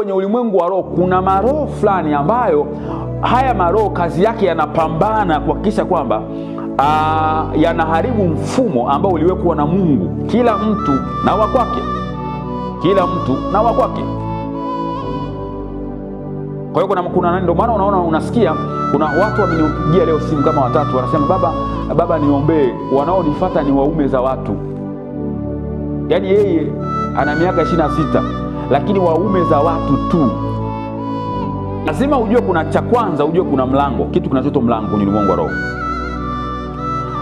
kwenye ulimwengu wa roho kuna maroho fulani ambayo haya maroho kazi yake yanapambana kuhakikisha kwamba ah, yanaharibu mfumo ambao uliwekwa na Mungu, kila mtu na wa kwake, kila mtu na wa kwake. Kwa hiyo kuna nani, ndio maana unaona unasikia kuna watu wamenipigia leo simu kama watatu, wanasema baba, baba niombee, wanaonifuata ni waume za watu. Yaani yeye ana miaka ishirini na sita lakini waume za watu tu. Lazima ujue kuna cha kwanza, ujue kuna mlango, kitu kinachoitwa mlango kwenye ulimwengu wa roho,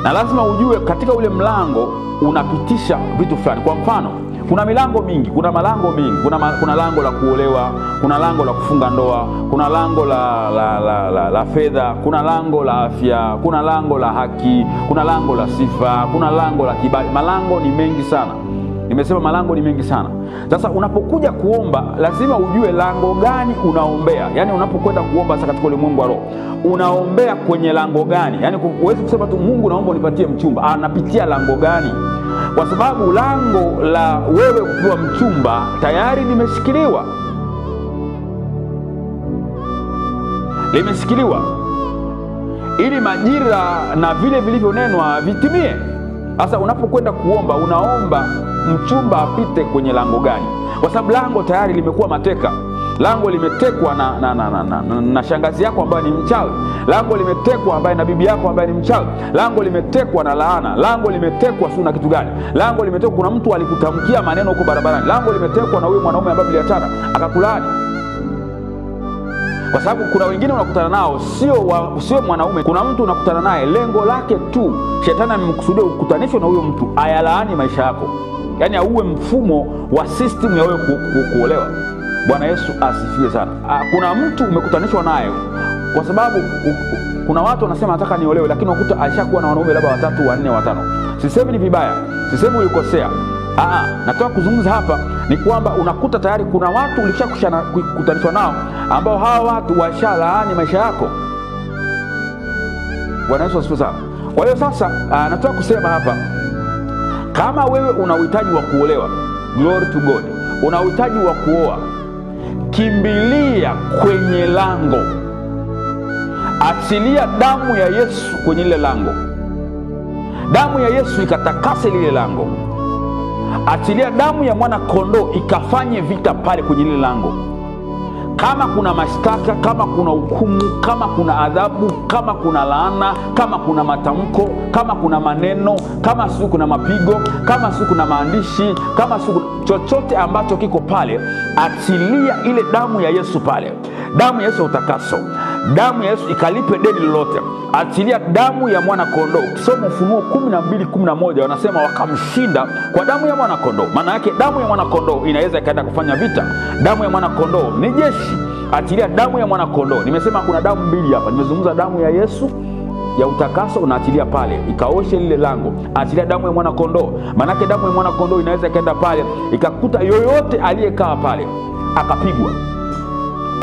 na lazima ujue katika ule mlango unapitisha vitu fulani. Kwa mfano, kuna milango mingi, kuna malango mengi, kuna, ma, kuna lango la kuolewa, kuna lango la kufunga ndoa, kuna lango la, la, la, la, la fedha, kuna lango la afya, kuna lango la haki, kuna lango la sifa, kuna lango la kibali. Malango ni mengi sana. Nimesema malango ni mengi sana. Sasa unapokuja kuomba, lazima ujue lango gani unaombea. Yaani unapokwenda kuomba sasa katika ulimwengu wa roho, unaombea kwenye lango gani? Yaani huwezi kusema tu Mungu, naomba unipatie mchumba. Anapitia lango gani? Kwa sababu lango la wewe kupewa mchumba tayari limeshikiliwa, limeshikiliwa ili majira na vile vilivyonenwa vitimie. Sasa unapokwenda kuomba, unaomba mchumba apite kwenye lango gani, kwa sababu lango tayari limekuwa mateka lango limetekwa na, na, na, na, na, na, shangazi yako ambaye ni mchawi. Lango limetekwa ambaye na bibi yako ambaye ni mchawi. Lango limetekwa na laana. Lango limetekwa si na kitu gani? Lango limetekwa, kuna mtu alikutamkia maneno huko barabarani. Lango limetekwa na huyo mwanaume ambaye mliachana akakulaani, kwa sababu kuna wengine unakutana nao sio wa, sio mwanaume. Kuna mtu unakutana naye lengo lake tu, shetani amemkusudia ukutanishwe na huyo mtu ayalaani maisha yako yaani auwe mfumo wa system ya wewe kuolewa. Bwana Yesu asifiwe sana. Ah, kuna mtu umekutanishwa naye kwa sababu kuna watu wanasema nataka niolewe, lakini wakuta alishakuwa na wanaume labda watatu, wanne, watano. Sisemi ni vibaya, sisemi ulikosea. Ah, ah, nataka kuzungumza hapa ni kwamba unakuta tayari kuna watu ulishakutanishwa nao ambao hawa watu washalaani maisha yako. Bwana Yesu asifiwe sana. Kwa hiyo sasa, ah, nataka kusema hapa kama wewe una uhitaji wa kuolewa, glory to God, una uhitaji wa kuoa, kimbilia kwenye lango, achilia damu ya Yesu kwenye lile lango, damu ya Yesu ikatakase lile lango, achilia damu ya mwana kondoo ikafanye vita pale kwenye lile lango. Kama kuna mashtaka, kama kuna hukumu, kama kuna adhabu, kama kuna laana, kama kuna matamko, kama kuna maneno, kama si kuna mapigo, kama si kuna maandishi, kama si chochote ambacho kiko pale, achilia ile damu ya Yesu pale, damu ya Yesu ya utakaso, damu ya Yesu ikalipe deni lolote atilia damu ya mwana kondoo. Ukisoma Ufunuo 12:11 wanasema wakamshinda kwa damu ya mwana kondoo. Maana yake damu ya mwana kondoo inaweza ikaenda kufanya vita. Damu ya mwana kondoo ni jeshi, Atilia damu ya mwana kondoo. Nimesema kuna damu mbili hapa, nimezungumza damu ya Yesu ya utakaso unaachilia pale ikaoshe lile lango, achilia damu ya mwana kondoo. Maanake damu ya mwana kondoo inaweza ikaenda pale ikakuta yoyote aliyekaa pale akapigwa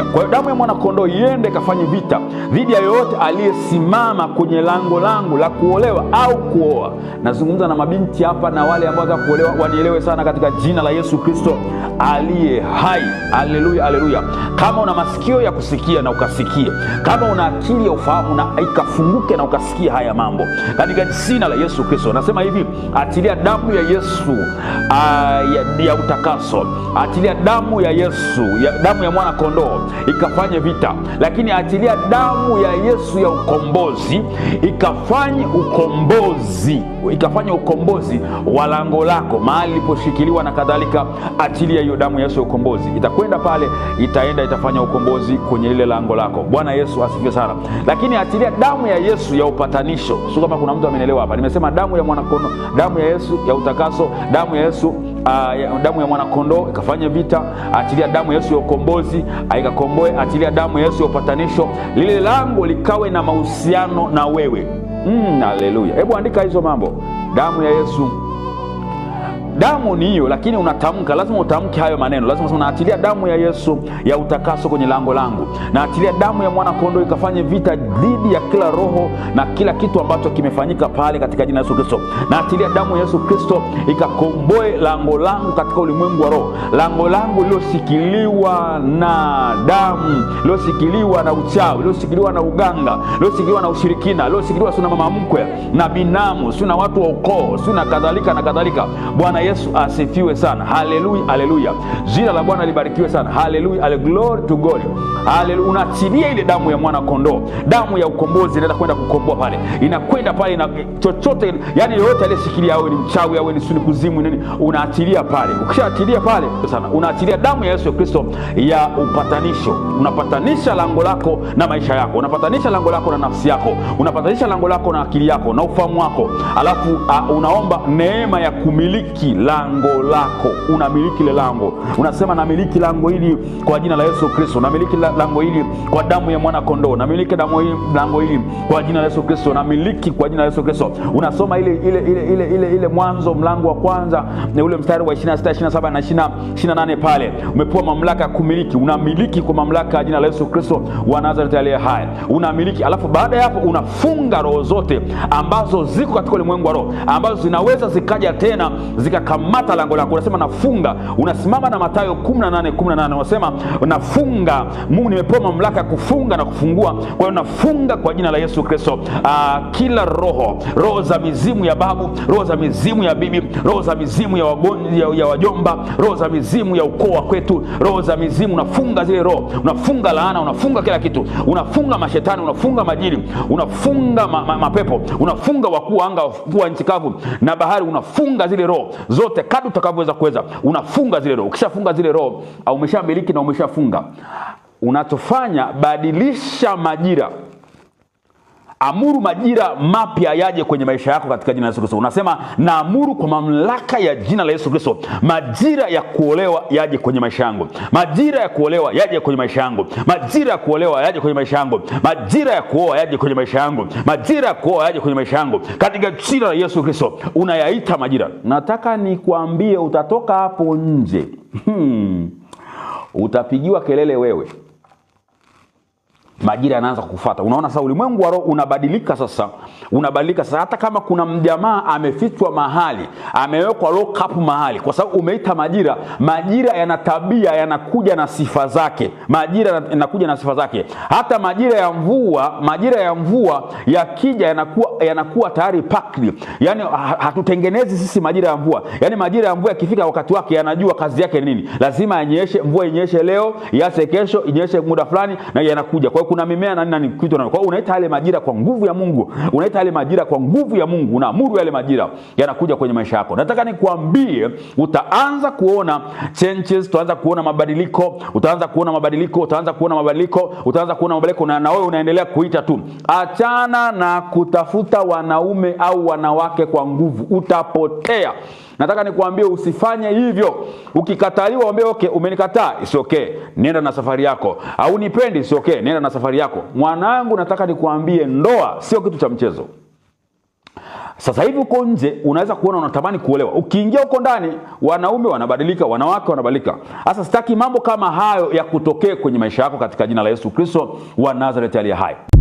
kwa hiyo damu ya mwanakondoo iende ikafanye vita dhidi ya yoyote aliyesimama kwenye lango langu la kuolewa au kuoa. Nazungumza na mabinti hapa na wale ambao wataka kuolewa, wanielewe sana katika jina la Yesu Kristo aliye hai. Haleluya, haleluya! Kama una masikio ya kusikia na ukasikie, kama una akili ya ufahamu na ikafunguke na ukasikie haya mambo katika jina la Yesu Kristo. Nasema hivi, atilia damu ya Yesu a, ah, ya, ya utakaso, atilia damu ya Yesu ya, damu ya mwana kondoo ikafanye vita, lakini atilia damu ya Yesu ya ukombozi ikafanye ukombozi ikafanya ukombozi wa lango lako mahali iliposhikiliwa na kadhalika. atilia hiyo damu ya Yesu ya ukombozi, itakwenda pale, itaenda itafanya ukombozi kwenye lile lango lako. Bwana Yesu asifiwe sana. Lakini atilia damu ya Yesu ya upatanisho. Sio kama kuna mtu amenielewa hapa, nimesema damu ya mwanakono damu ya Yesu ya utakaso, damu ya Yesu uh, damu ya mwanakondoo ikafanya vita, achilia damu ya Yesu ya ukombozi aikakomboe achilia damu ya Yesu ya upatanisho, lile lango likawe na mahusiano na wewe. Mm, haleluya! hebu andika hizo mambo, damu ya Yesu damu ni hiyo, lakini unatamka, lazima utamke hayo maneno, lazima sema, naatilia damu ya Yesu ya utakaso kwenye lango langu, naatilia damu ya mwana kondo ikafanye vita dhidi ya kila roho na kila kitu ambacho kimefanyika pale, katika jina la Yesu Kristo. Naatilia damu ya Yesu Kristo ikakomboe lango langu katika ulimwengu wa roho, lango langu liloshikiliwa na damu, liloshikiliwa na uchawi, liloshikiliwa na uganga, liloshikiliwa na ushirikina, liloshikiliwa sio na mama mkwe na binamu, sio na watu wa ukoo, sio na kadhalika na kadhalika, Bwana Yesu asifiwe sana. Haleluya, haleluya, jina la Bwana libarikiwe sana. Haleluya, glory to God. Haleluya, unaachilia ile damu ya mwana kondoo, damu ya ukombozi inaenda kwenda kukomboa pale, inakwenda pale na chochote yani yoyote aliyeshikilia, awe ni mchawi, awe ni suni kuzimu nini, unaachilia pale. Ukishaachilia pale sana, unaachilia damu ya Yesu Kristo ya upatanisho. Unapatanisha lango lako na maisha yako, unapatanisha lango lako na nafsi yako, unapatanisha lango lako na akili yako na ufahamu wako, alafu uh, unaomba neema ya kumiliki lango lako. Unamiliki ile lango, unasema namiliki lango hili kwa jina la Yesu Kristo, namiliki lango hili kwa damu ya mwana kondoo, namiliki damu hili, lango hili kwa jina la Yesu Kristo, namiliki kwa jina la Yesu Kristo. Unasoma ile ile ile ile ile ile Mwanzo mlango wa kwanza na ule mstari wa 26, 27 na 28 pale, umepewa mamlaka kumiliki, unamiliki kwa mamlaka ya jina la Yesu Kristo wa Nazareti aliye hai, unamiliki. Alafu baada ya hapo unafunga roho zote ambazo ziko katika ulimwengu wa roho ambazo zinaweza zikaja tena zika unakamata lango lako, unasema nafunga. Unasimama na Mathayo 18:18 unasema nafunga, Mungu nimepewa mamlaka ya kufunga na kufungua. Kwa hiyo nafunga kwa jina la Yesu Kristo ah, kila roho, roho za mizimu ya babu, roho za mizimu ya bibi, roho za mizimu ya, ya, ya wajomba, roho za mizimu ya ukoo wa kwetu, roho za mizimu. Unafunga zile roho, unafunga laana, unafunga kila kitu, unafunga mashetani, unafunga majini, unafunga ma, ma, mapepo, unafunga wakuu wa anga, wakuu wa nchi kavu na bahari, unafunga zile roho zote kadri utakavyoweza kuweza, unafunga zile roho. Ukishafunga zile roho au umeshamiliki na umeshafunga, unachofanya badilisha majira amuru majira mapya yaje kwenye maisha yako katika jina la Yesu Kristo. Unasema naamuru kwa mamlaka ya jina la Yesu Kristo, majira ya kuolewa yaje kwenye maisha yangu, majira ya kuolewa yaje kwenye maisha yangu, majira ya kuolewa yaje kwenye maisha yangu, majira ya kuoa yaje kwenye maisha yangu, majira ya kuoa yaje kwenye maisha yangu, katika jina la Yesu Kristo. Unayaita majira. Nataka nikuambie, utatoka hapo nje hmm. Utapigiwa kelele wewe majira yanaanza kufuata. Unaona sasa ulimwengu wa roho unabadilika sasa, unabadilika sasa. Hata kama kuna mjamaa amefichwa mahali, amewekwa lock mahali, kwa sababu umeita majira. Majira yana tabia, yanakuja na sifa zake. Majira yanakuja na sifa zake. Hata majira ya mvua, majira ya mvua yakija, yanakuwa yanakuwa tayari packed. Yani hatutengenezi sisi majira ya mvua, yani majira ya mvua yakifika wakati wake, yanajua kazi yake nini. Lazima yanyeshe, mvua inyeshe leo, yase kesho, inyeshe muda fulani, na yanakuja kwa hiyo kuna mimea na nini kitu na kwa unaita yale majira kwa nguvu ya Mungu, unaita yale majira kwa nguvu ya Mungu, unaamuru yale majira yanakuja kwenye maisha yako. Nataka nikuambie, utaanza kuona changes, utaanza kuona mabadiliko, utaanza kuona mabadiliko, utaanza kuona mabadiliko, utaanza kuona mabadiliko, na na wewe unaendelea kuita tu. Achana na kutafuta wanaume au wanawake kwa nguvu, utapotea. Nataka nikuambie usifanye hivyo. Ukikataliwa ombe okay, umenikataa it's okay, nenda na safari yako, au nipendi it's okay, nenda na safari yako. Mwanangu, nataka nikuambie ndoa sio kitu cha mchezo. Sasa hivi uko nje unaweza kuona unatamani kuolewa. Ukiingia huko ndani wanaume wanabadilika, wanawake wanabadilika. Sasa sitaki mambo kama hayo ya kutokee kwenye maisha yako katika jina la Yesu Kristo wa Nazareth aliye hai.